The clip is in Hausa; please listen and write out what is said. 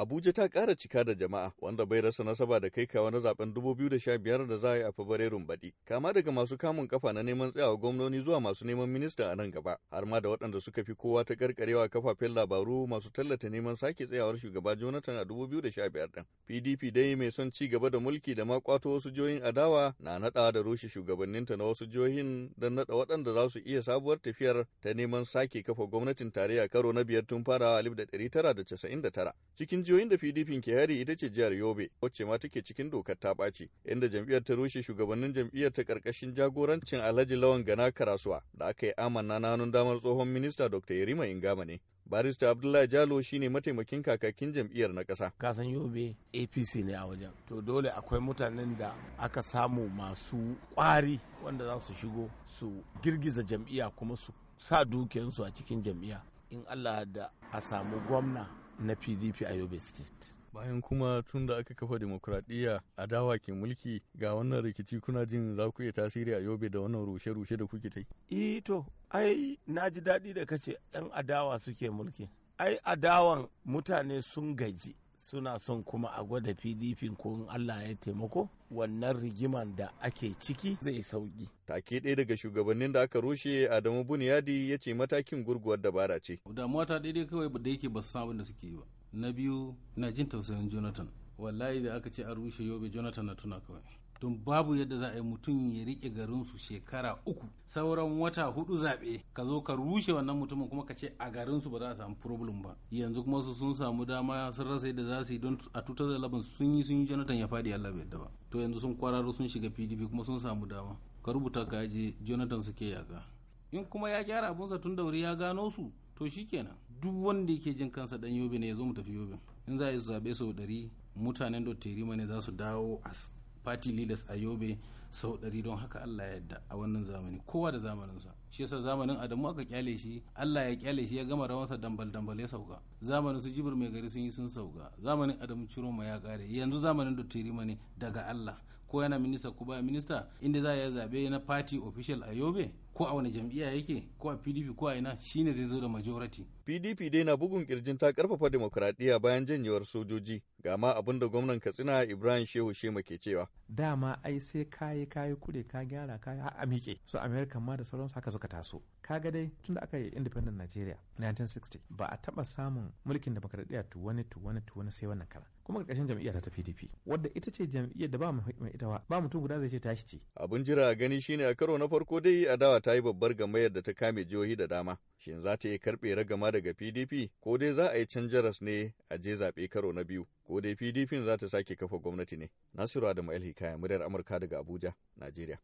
Abuja ta ƙara cika da jama'a wanda bai rasa nasaba da kai kawo na zaben 2015 da za a yi a Fabrairun baɗi. Kama daga masu kamun kafa na neman tsayawa gwamnoni zuwa masu neman minista a nan gaba, har ma da waɗanda suka fi kowa ta karkarewa kafafen labaru masu tallata neman sake tsayawar shugaba Jonathan a 2015 ɗin. PDP dai mai son ci gaba da mulki da ma kwato wasu jihohin adawa na naɗa da rushe shugabanninta na wasu jihohin don naɗa waɗanda za su iya sabuwar tafiyar ta neman sake kafa gwamnatin tarayya karo na biyar tun farawa 1999. Cikin rijiyoyin da PDP ke yari ita ce jihar Yobe, wacce ma take cikin dokar ta ɓaci, inda jam'iyyar ta rushe shugabannin jam'iyyar ta ƙarƙashin jagorancin Alhaji Lawan Gana Karasuwa, da aka yi amanna na hannun damar tsohon minista Dr. Yerima Ingama ne. Barista Abdullahi Jalo shine mataimakin kakakin jam'iyyar na ƙasa. Kasan Yobe APC ne a wajen. To dole akwai mutanen da aka samu masu ƙwari wanda za su shigo su girgiza jam'iyya kuma su sa dukiyansu a cikin jam'iyya. In Allah da a samu gwamna na pdp a yobe state bayan kuma tun da aka kafa demokuraɗiyya a dawa ke mulki ga wannan rikici kuna jin za ku iya tasiri a yobe da wannan rushe-rushe da kuke ta yi eh to ai na ji daɗi da kace yan adawa suke mulki ai adawan mutane sun gaji suna son kuma a gwada pdp ko in allah ya taimako wannan rigiman da ake ciki zai sauki take ɗaya daga shugabannin da aka rushe adamu Bunyadi ya ce matakin gurguwar dabara ce damuwa ta ɗaya kawai da yake ba su san da suke yi ba na biyu na jin tausayin jonathan wallahi da aka ce a rushe yobe jonathan na tuna kawai don babu yadda za a yi mutum ya rike garinsu shekara uku sauran wata hudu zaɓe ka zo ka rushe wannan mutumin kuma ka ce a garinsu ba za a samu problem ba yanzu kuma su sun samu dama sun rasa yadda za su yi don a tutar da sun yi sun yi jonathan ya faɗi allah bai yadda ba to yanzu sun kwararo sun shiga pdp kuma sun samu dama ka rubuta ka je jonathan suke yaga in kuma ya gyara abunsa tun da wuri ya gano su to shi kenan. duk wanda yake jin kansa dan yobe ne ya zo mu tafi yobe in za a yi zaɓe sau ɗari mutanen dotteri ne za su dawo as party leaders Ayobe sau ɗari don haka Allah ya yadda a wannan zamani kowa da zamaninsa shi yasa zamanin Adamu aka kyale shi Allah ya kyale shi ya gama rawansa dambal dambal ya sauka zamanin su jibir mai gari sun yi sun sauka zamanin Adamu ciro ma ya kare yanzu zamanin ma ne daga Allah ko yana minista ko baya minista inda za ya zabe na party official a Yobe ko a wani jam'iyya yake ko a PDP ko a ina shine zai zo da majority PDP dai na bugun kirjin ta karfafa demokradiya bayan janyewar sojoji ga ma abinda gwamnan Katsina Ibrahim Shehu Shema ke cewa dama ai sai kai yi kayi kure ka gyara ka yi a miƙe su america ma da sauransu haka suka taso kaga dai tun da aka yi independent nigeria 1960 ba a taɓa samun mulkin demokradiyya tu wani tu wani tu wani sai wannan kara kuma ƙarƙashin jam'iyyar ta PDP wadda ita ce jam'iyyar da ba mu ita ba mutum guda zai ce tashi ce abun jira gani shine a karo na farko dai adawa ta yi babbar gamayyar da ta kame jihohi da dama shin za ta yi karɓe ragama daga PDP ko dai za a yi canjaras ne a je zaɓe karo na biyu ko dai PDP za ta sake kafa gwamnati ne. Nasiru Adamu Alhikaya, Hikaya, muryar Amurka daga Abuja, Najeriya.